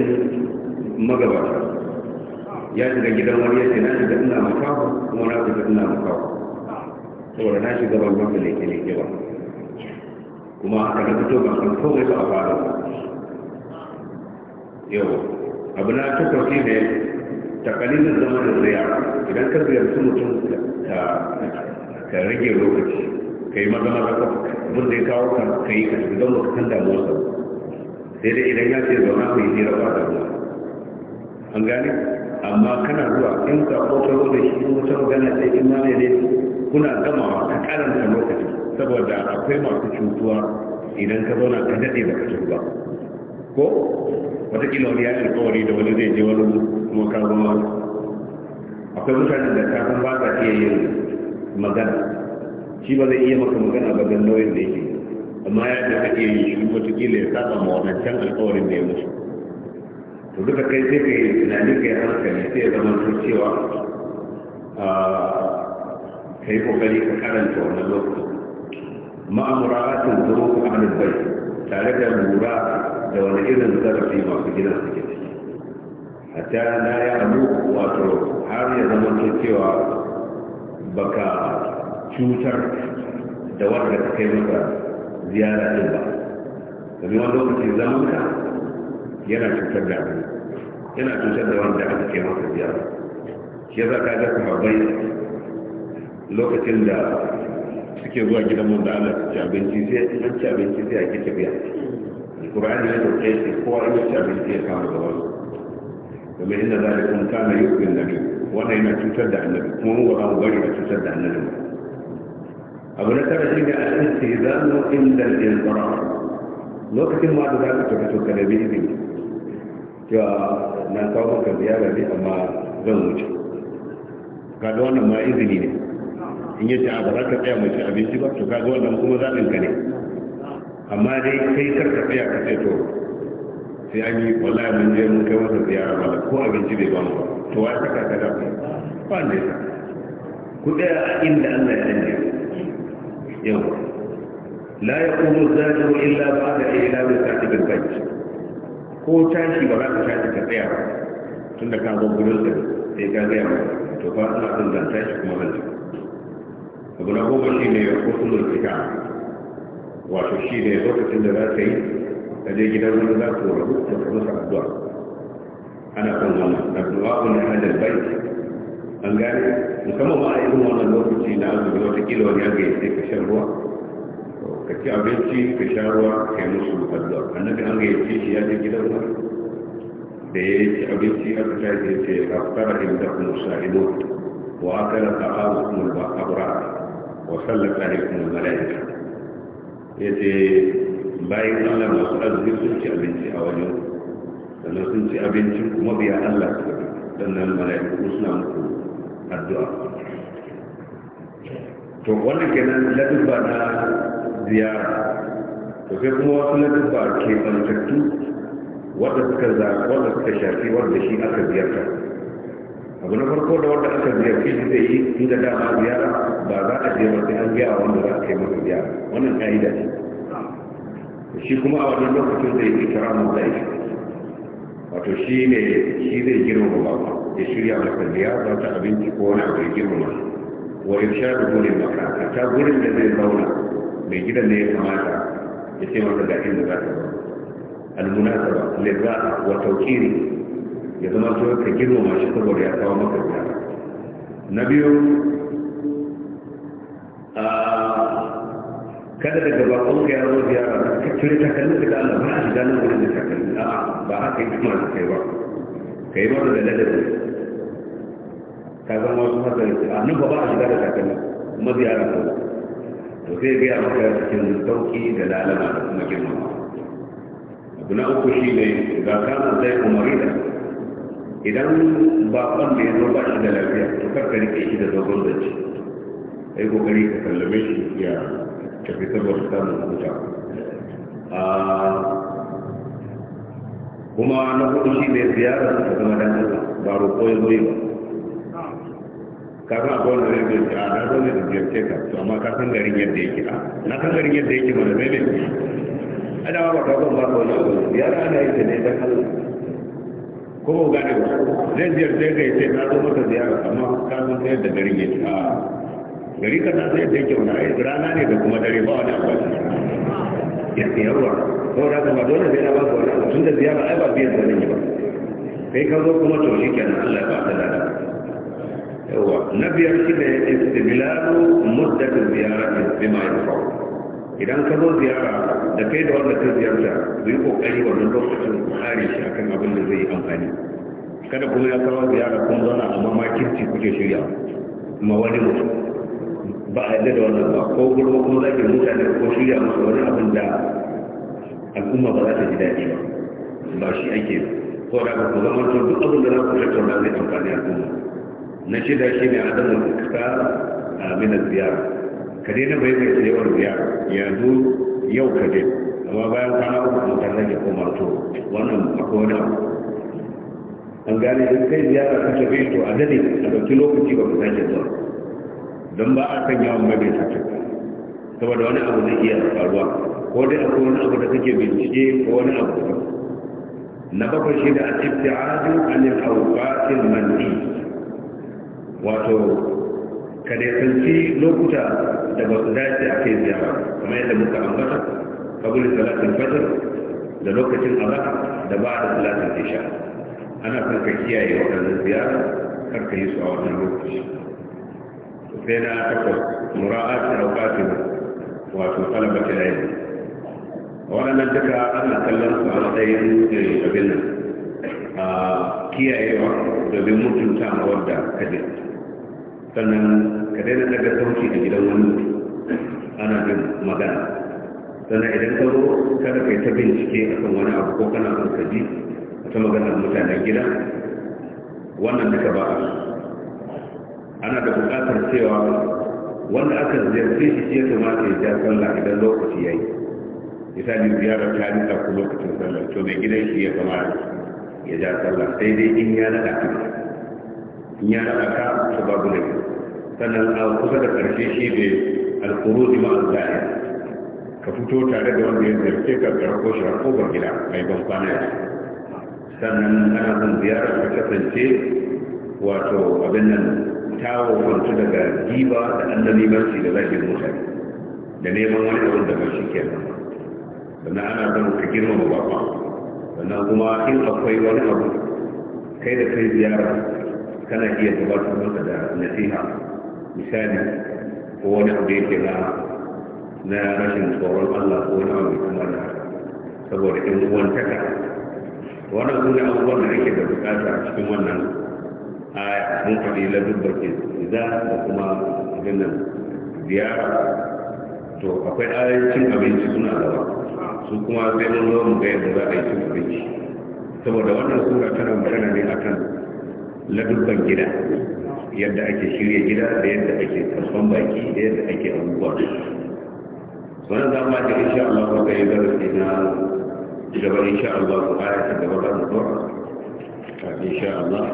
magabata ya shiga gidan wani ya ce na shiga ina makawa kuma na shiga ina makawa saboda na shiga ban maka leke leke ba kuma a na fito ba kan kowai ba a fara yau abu na tattauki ne ta kalilin zama da tsaya idan ka ziyarci mutum ka rage lokaci ka yi magana maza ka abin da ya kawo ka ka yi kashi don ba ka san damuwar sa sai dai idan ya ce zauna ka yi hira ba da ruwa an gane amma kana zuwa in ka kokaro da shi wata magana sai in mamaye ne kuna gama ka karanta lokaci saboda akwai masu cutuwa idan ka zauna ka daɗe ba ka ba ko wataƙila wani ya kawari da wani zai je wani kuma ka zama akwai mutanen da kafin ba ka iya yin magana shi ba zai iya maka magana ba don nauyin da yake amma ya ce ake yi shi wataƙila ya saba ma wadancan alkawarin da ya mutu to duka kai sai ka yi tunanin ka yi hankali sai ya zama to cewa ka yi kokari ka karanta wannan lokacin ma'amuratin zuru a hannun bai tare da lura da wani irin zarafi masu gidan suke hatta na ya abu wato har ya zama ta cewa baka cutar da wanda ka kai maka ziyara ɗin ba domin wani lokaci zaman ka yana cutar da abu yana cutar da wanda aka kai maka ziyara shi yasa ka ga bai lokacin da suke zuwa gidan mun da Allah ci abinci sai an ci abinci sai a kike biya Qur'ani ya dauke shi kowa ya ci abinci ya kama gaba kuma inda zalikum kana yu'min nabi wannan yana cutar da annabi kuma mu ba mu bari a cutar da annabi abu na tara shine al-istizanu inda al-inzara lokacin ma da za ka tafi to ka da bibi cewa na kawo maka ziyara ne amma zan wuce kaga wannan ma izini ne in yi ta ba za ka tsaya mai abinci ba to kaga wannan kuma zaɓin ka ne amma dai kai karka tsaya ka ce to sai an yi wallahi mun je mun kai masa ziyara ba ko abinci bai ba mu ba to wa saka ka dafa ba ne sa ku da a inda Allah ya danne yau la yaqumu zalimu illa ba'da ila bi sa'id bil bayt ko tashi ba za ka tashi ka tsaya ba tunda ka zo gurin sa sai ka ga yau to fa Allah son zan tashi kuma ban tafi abu na goma shi ne ya kusurin fita wato shi ne lokacin da za ka yi ka gidan wani za ku rabu da masa addu'a ana kan addu'a bai an gane musamman ma a irin wannan lokaci na azumi wata kila wani ya sai ka shan ruwa ka ci abinci ka sha ruwa kai musu addu'a annabi an gaya ce shi ya je gidan wani da ya ci abinci ce kuma wa wa malaika bayan allah masu arziki sun ci abinci a wajen sannan sun ci abincin kuma biya allah su gabi sannan mala'iku suna muku addu'a to wannan kenan ladubba na ziyara to sai kuma wasu ladubba ke bantattu wadda suka wadda suka shafi wadda shi aka ziyarta abu na farko da wadda aka ziyarci shi zai yi inda dama ziyara ba za a je ba an biya wanda za a kai masa ziyara wannan ka'ida ce shi kuma a wannan lokacin zai yi da laifi wato shi ne shi zai girma ba ya shirya masa liya za ta abinci ko wani abu ya girma. wa da gurin maka a ta gurin da zai zauna mai gidan ne ya kamata ya ce masa ga inda za ta zauna almunasaba lirza wa tawkiri ya zama to ka girma shi saboda ya kawo maka gida na biyu kada daga bakon ka yaro ziyara ka cire takalmin ka da Allah ba shi ganin wurin da takalmin a ba haka yi kuma da kai ba kai ba da ladabi ka zama wasu haka ne a nan ba ba a shiga da takalmin kuma da ziyara ka to sai ga maka cikin sauki da lalama da kuma girmama abu na uku shi ne ga kana zai umari da idan bakon da ya zo ba shi da lafiya to karka rike shi da dogon zance kai kokari ka sallame shi ya tafi saboda kuma na hudu shi ne ziyarar ta zama dan Allah ba roƙo ya zo ba kafin akwai wanda zai a na zo ne da ziyarce ka to amma ka san garin yadda yake na san garin yadda yake ba da ne ana ba ka zan ba ka wani abu ziyara ana yi ne ko ba gane ba zai ziyarce ka ya na zo maka ziyara amma ka san yadda garin yake a gari ka na sai da yake wani ayi rana ne da kuma dare ba wani abu ya yawa ko da kuma dole sai na ba ku wani tun da ziyara ai ba biya da zan ba kai ka zo kuma to shikenan Allah ba ta lada yawa na biyar shi ne istimlalu muddatu ziyarati bima yafa'u idan ka zo ziyara da kai da wanda ka ziyarta zai kokari wannan lokacin kare shi akan abin da zai yi amfani kada kuma ya kawo ziyara kun zauna amma ma kirci kuke shirya ma wani mutum ba a yadda da wannan ba ko gurba kuma za ki mutane ko shirya musu wani abin da al'umma ba za ta ji daɗi ba ba shi ake ko da ba ku zama to duk abin da za ku tattauna zai amfani al'umma na ce da shi ne a zama kuka a minar ziyara ka daina bai mai tsayewar ziyara yanzu yau ka je amma bayan kwana uku mutan zai koma to wannan akwai wani abu an gane in kai ziyara ka tafi to a dade a ɗauki lokaci ba ku sake zuwa don ba a kan yawon mai ta saboda wani abu zai iya faruwa ko dai akwai wani abu da kake bincike ko wani abu da na bakwai shi da a ibtiadu anil awqatil manhi wato ka dai sanci lokuta da ba su dace a kai ziyara kuma yadda muka ambata kabul salatin fajar da lokacin azhar da ba da salatin isha ana son ka kiyaye waɗannan ziyara kar ka yi su a wannan lokaci sai na takwas mura'at auqatin wato talabati ilmi waɗannan duka ana kallon su a matsayin eh, abin nan a kiyayewa domin mutunta ma wadda ka je sannan ka daina daga sauki a gidan wani mutum ana bin magana sannan idan ka zo kada kai ta bincike a kan wani abu ko kana son ka ji ta maganar mutanen gida wannan duka ba a ana da bukatar cewa wanda aka ziyarce shi shi ya kamata ya ja sallah idan lokaci ya yi misali ziyarar ta rika ku lokacin sallah to mai gidan shi ya kamata ya ja sallah sai dai in ya naɗa ka in ya naɗa ka su babu da sannan a kusa da ƙarshe shi ne alkuru ma al-zahir ka fito tare da wanda ya ziyarce ka karko shi har kofar gida mai ban kwana ya sannan ana son ziyarar ta kasance wato abin nan ta wafantu daga giba da annalibanci da zagin mutane da neman wani abu da ba ke kenan sannan ana son ka girmama baƙon sannan kuma in akwai wani abu kai da kai ziyara kana iya gabatar maka da nasiha misali ko wani abu yake na na rashin tsoron Allah ko wani abu kuma da saboda ɗan uwantaka wannan sune abubuwan da ake da bukata a cikin wannan aya mun faɗi labin da ke za da kuma abin ziyara to akwai ayoyin cin abinci suna da su kuma sai mun zo mu ga yadda za a yi cin abinci saboda wannan sura tana magana ne akan ladubban gida yadda ake shirya gida da yadda ake karfan baki da yadda ake abubuwa wannan za mu ce insha Allah ko kai darasi na gaba insha Allah ko aya ta gaba da mu insha Allah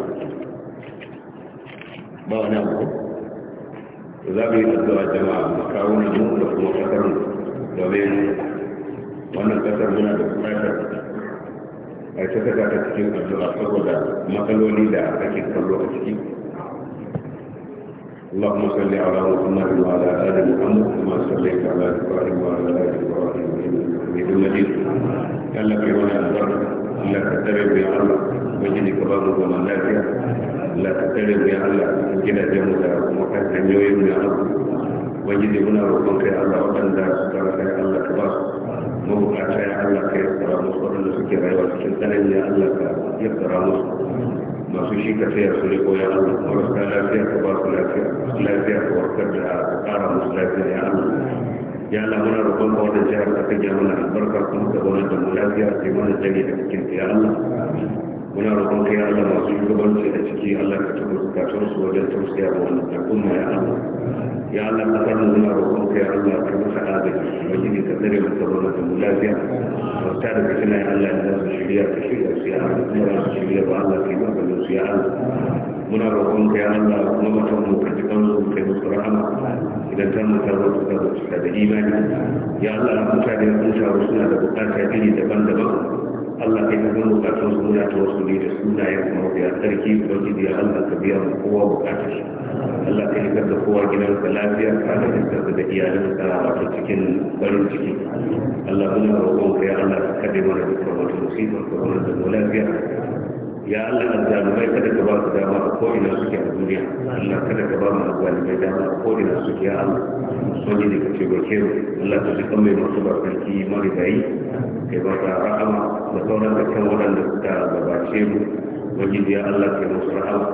ba wani abu za mu yi addu'a jama'a mu kawo na jin da kuma kasar domin wannan kasar muna da bukatar a ta saka ta cikin addu'a saboda matsaloli da ake kallo a ciki اللهم صل على محمد وعلى ال محمد كما صليت على ابراهيم وعلى ال ابراهيم انك حميد مجيد قال لك يا ولد الله كتب بي الله ubangiji ka ba mu zaman lafiya Allah ka tsare ya Allah gidajen mu da kuma kan hanyoyin mu ya Allah ubangiji muna roƙon kai Allah waɗanda suka rasa ya Allah ka ba su mabukata ya Allah ka yassara musu waɗanda suke rayuwa cikin tsanani ya Allah ka yassara musu masu shi ka taya su riko ya Allah marasa lafiya ka ba su lafiya lafiya ka warkar da ƙara musu lafiya ya Allah ya Allah muna roƙon ka wannan jihar ka kanya mana albarka kuma ka zauna da mu lafiya kai mana jage da cikin ya Allah muna roƙon kai Allah masu shugabanci a ciki Allah ka tabbata zakatun su wajen tausaya wa wannan al'umma ya Allah ya Allah ka san muna roƙon kai Allah ka masa agaji wajen ka tsare mu tsaro da mu lafiya wata da fitina ya Allah ya su shirya ka shirya su ya Allah kuma su shirya ba Allah ka yi maganin su ya Allah muna roƙon kai Allah kuma mutum mu ka jikan su kai musu rahama idan ta mu taro su ka zuciya da imani ya Allah mutane sun shawo suna da bukata iri daban-daban Allah ka yi zan bukatun su da ta wasu ne da sunayen kuma biya sarki ubangiji ya Allah ka biya mu kowa bukatun shi Allah ka yi da kowa gidansa lafiya ka da kansa da iyalinsa wato cikin barin ciki Allah muna roƙon ka ya Allah ka kade mana dukkan wata musibar ka da mu lafiya ya Allah azzalumai kada ka ba su dama a ko ina suke a duniya Allah kada ka ba mu azzalumai dama a ko ina suke a Allah wani da kace ba ke Allah ka duka mai masu barkanci marigayi kai ba ta rahama da sauran da kan waɗanda suka gabace mu wajen ya Allah ke musu rahama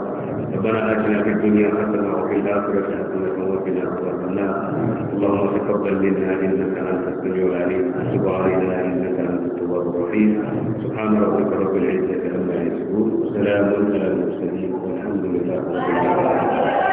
ربنا آتنا في الدنيا حسنة وفي الآخرة حسنة وقنا عذاب النار اللهم تقبل منا إنك أنت السميع العليم وتب علينا إنك أنت التواب الرحيم سبحان ربك رب العزة عما يصفون وسلام على المرسلين والحمد لله رب العالمين